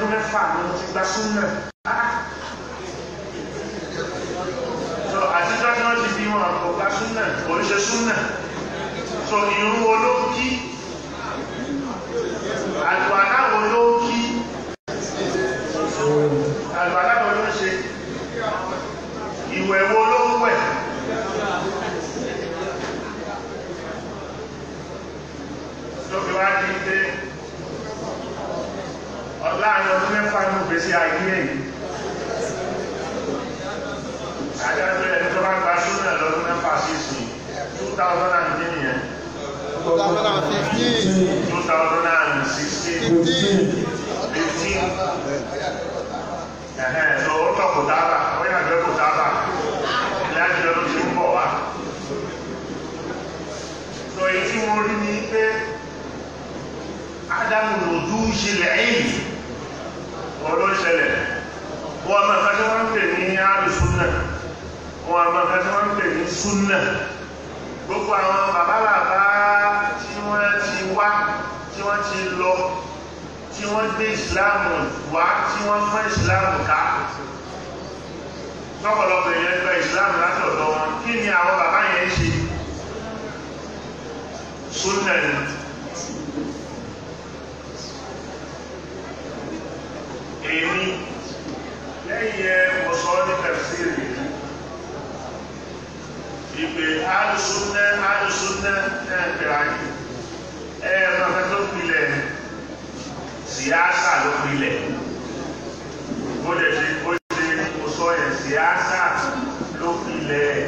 ọdún mẹ́fà ni mo ti gba súnmọ́ àti dájú wọn ti fi wọn kò gba súnmọ́ kò ń ṣe súnmọ́ so irun olókì àlùwàlá olókì àlùwàlá wo ló ń ṣe ìwẹ̀ wo ló ń wẹ̀. Lọ́kùnrin wá di pé láàrin ọdún mẹ́fà ní òbèsí ayé ẹ̀yìn adájọ́ ẹni tó bá gba súnmọ́ lọ́dún mẹ́fà sí ìsìn two thousand and ten yẹn two thousand and fifteen two thousand and sixteen fifteen ẹ̀hẹ́n so ó tọ̀ kò dára ó yàgbẹ́ kò dára ilé àjọyọ̀ ló ti ń bọ̀ wá so tí mo rí ni pé ádámù lòdù ṣe lẹ́yìn wọn ló ń ṣẹlẹ̀ wọn a máa fẹ́ tí wọ́n ń pè ní alùsùnà wọn a máa fẹ́ tí wọ́n ń pè ní súnà gbogbo àwọn babalàbá tí wọ́n ti wá tí wọ́n ti lọ tí wọ́n gbé ìsìláàmù wá tí wọ́n fẹ́ ìsìláàmù ká lọ́pọ̀lọpọ̀ èèyàn gba ìsìláàmù láti ọ̀dọ̀ wọn kí ni àwọn bàbá yẹn ṣe súnà nìyẹn. èmi lẹ́yìn ẹ mo sọ ní tẹ̀síìrì ìpè alùsùnẹ́ alùsùnẹ́ ẹ̀ pèrè ayé ẹ̀ ẹ̀ lọ́fẹ́ tó pilẹ̀ síyáṣà ló pilẹ̀ mo lè fi mo ṣe mo sọ yẹn síyáṣà ló pilẹ̀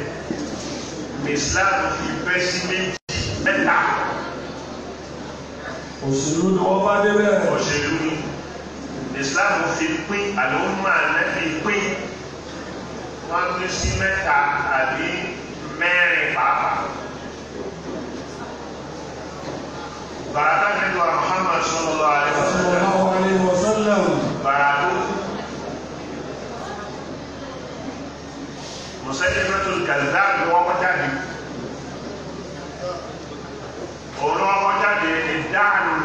Islam fi bẹ́ sí méjì mẹ́ta. òṣèlú ni wọ́n bá débẹ̀. òṣèlú ni Islam fi pín àlùmọ́ ànábì pín wọ́n pín sí mẹ́ta àbí mẹ́rin pàápàá. Bàràdà nínú Muhammad sallallahu alaihi wasallam. Bàràdà Musaylimatul Kazzab ni wọ́n kọ́ jáde. Òun ni wọ́n kọ́ jáde ìdáhùn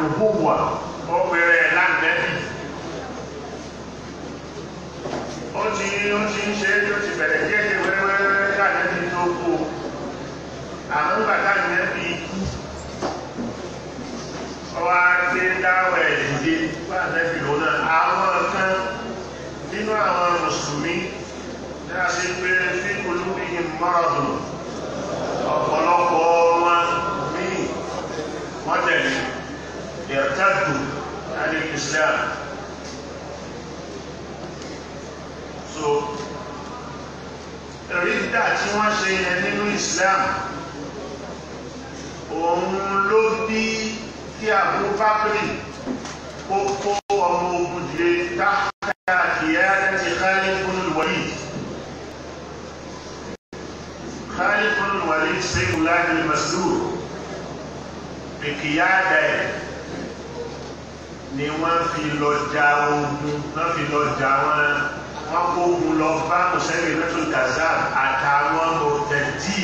ń ṣe é tó ti bẹ̀rẹ̀ díẹ̀ díẹ̀ wẹ́rẹ́wẹ́rẹ́ káàdé ti tó kú àwọn bàtà nìyẹn fi ọwọ́ adé dáwọ̀ ẹ̀ dìde wọ́n àti ẹ̀fì lòun náà àwọn kan nínú àwọn mùsùlùmí náà ti pé fíkú lóbi mọ́rọ̀dùn ọ̀pọ̀lọpọ̀ wọn míì wọ́n tẹ̀lé ìrẹ̀tàdù alẹ́ so rídà tí wọ́n ṣe yẹn nínú Islam òun ló bí kí Abubakar kókó ọmọ ogun dìde dáhà ìyá láti Khalid ibn Walid Khalid ibn Walid sẹ́yìn láti Masur ìkìyàdá ẹ̀ ni wọ́n fi lọ ogun wọ́n fi lọ wọn wọ́n kó ogun lọ bá mùsẹ́lẹ̀ lẹ́tún gaza àtàwọn mọ̀tẹ́dì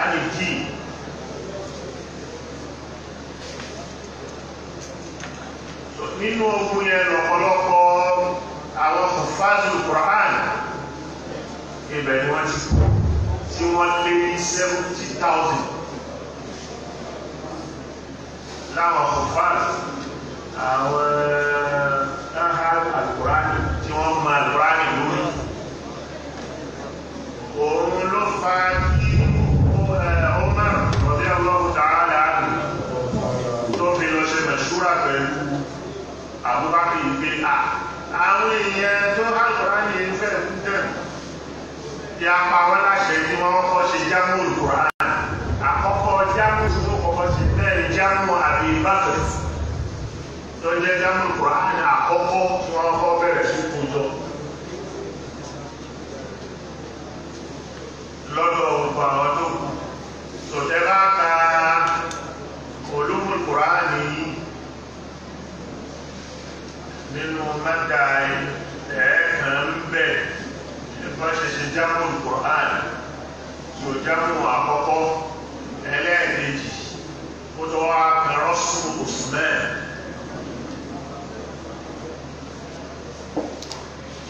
alìdí. nínú ogun yẹn lọ́pọ̀lọpọ̀ àwọn kòfáàzù Quran ibẹ̀ ni wọ́n ti kú tí wọ́n lé ní seventy thousand láwọn kòfáàzù àwọn. àwọn èèyàn tó alukùránì yẹn fẹ́ kú dẹ̀ yà pa wọn láṣẹ kí wọn kọ́ ṣe jámù olùkùránì àkọ́kọ́ jámù tó kọ́kọ́ ṣe bẹ́ẹ̀ jámù àbí bàtẹ̀ tó jẹ́ jámù olùkùránì àkọ́kọ́ tí wọn kọ́ bẹ̀rẹ̀ sí kú jọ. lọ́dọ̀ gbogbo àwọn nínú mẹ́ta ẹ̀ẹ́kan ń bẹ̀ nípa ṣẹṣẹ jábọ̀ Kùránì tó jábọ̀ àkọ́kọ́ ẹlẹ́ẹ̀kejì ó tó wá kan rọ́sùn Usman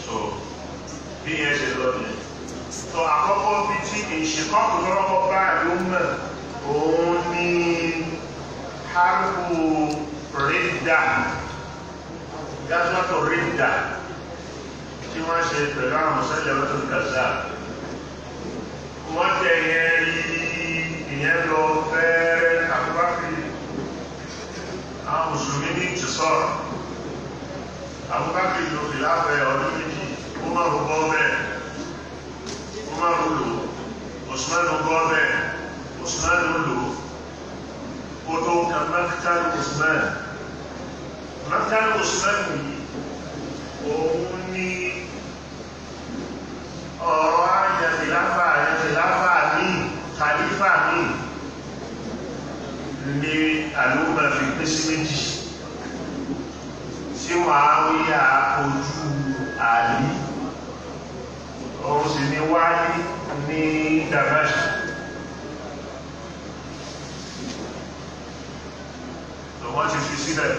so bí yẹn ṣe lọ nìyẹn tó àkọ́kọ́ bí tí ìṣèkọ́kù lọ́rọ́kọ́ báyìí ó mọ̀ òun ní hárùkù rídà gásùwàtò ríńdà tí wọ́n ṣe pẹ̀lú àwọn mọ̀sálẹ̀ wọ́n tó ń gàzà wọ́n tẹ̀ yẹn rí ìyẹn lọ fẹ́ẹ́rẹ́ àbúbákiri àwọn mùsùlùmí ní ti sọ̀rọ̀ àbúbákiri lòdì láfẹ̀ẹ́ ọdún méjì ó máa rú bọ́ bẹ́ẹ̀ ó máa rú lò Usman bọ́ bẹ́ẹ̀ Usman lò ó tó kàn mákítárì Usman mọ́tàlù sẹ́kù yìí òun ní ọ̀rọ̀ ayẹ̀tìláfà ayẹ̀tìláfà ní kàlífà ní ní àlúmọ̀ fi pín sí méjì tí wọ́n á rí àkójú àlí òun sì ní wáyé ní dàmáṣì wọ́n ti fi sílẹ̀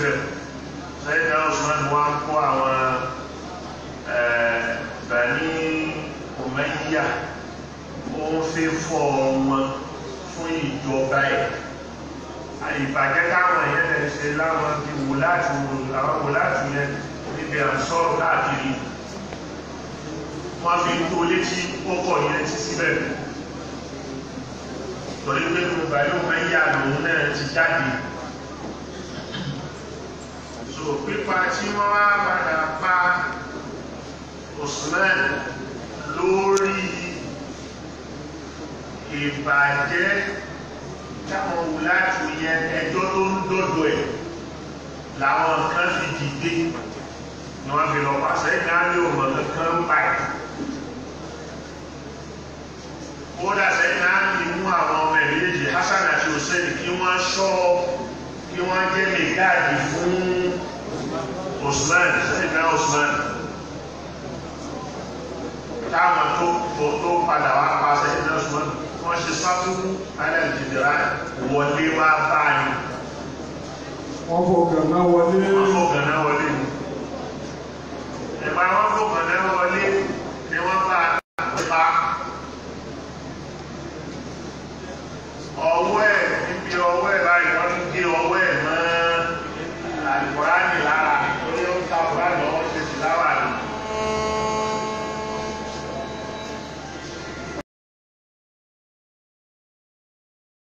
síbẹ̀ sẹ́yìn náà Usman wa ń kó àwọn Bani Umayya ó ń fi fọ́ wọn fún ìjọba ẹ̀ ìbàjẹ́ táwọn èèyàn lè ṣe láwọn bí wò láti àwọn wò láti yẹn níbi àǹsọ́rọ̀ káàkiri wọ́n fi tó létí ó kọ̀ yẹn ti síbẹ̀ torí pé mo bàlẹ́ òun máa ń lòun náà ti jáde so pípa tí wọ́n wá padà pa Usman lórí ìbàjẹ́ táwọn wùláàtù yẹn ẹjọ́ tó ń dọ̀dọ̀ ẹ̀ làwọn kan fi dìde ni wọ́n fi lọ pàṣẹ gáàlì òmò kankan ń báyìí kódà sẹ́yìn náà kì í mú àwọn ọmọ ẹ̀ méjèèjì Hasan àti Hussein kí wọ́n ṣọ́ kí wọ́n jẹ́ mẹ́gáàdì fún Usman Sayyidina Usman táwọn tó tó tó padà wá pa Sayyidina Usman wọ́n ṣe sátúrú alẹ́ ìdìbìrà wọlé wá báyìí. wọ́n fò gànà wọlé. wọ́n fò gànà wọlé. ìgbà wọ́n fò gànà wọlé ni wọ́n bá a pa. ọwọ́ ẹ̀ níbi ọwọ́ ẹ̀ báyìí wọ́n ti gé ọwọ́.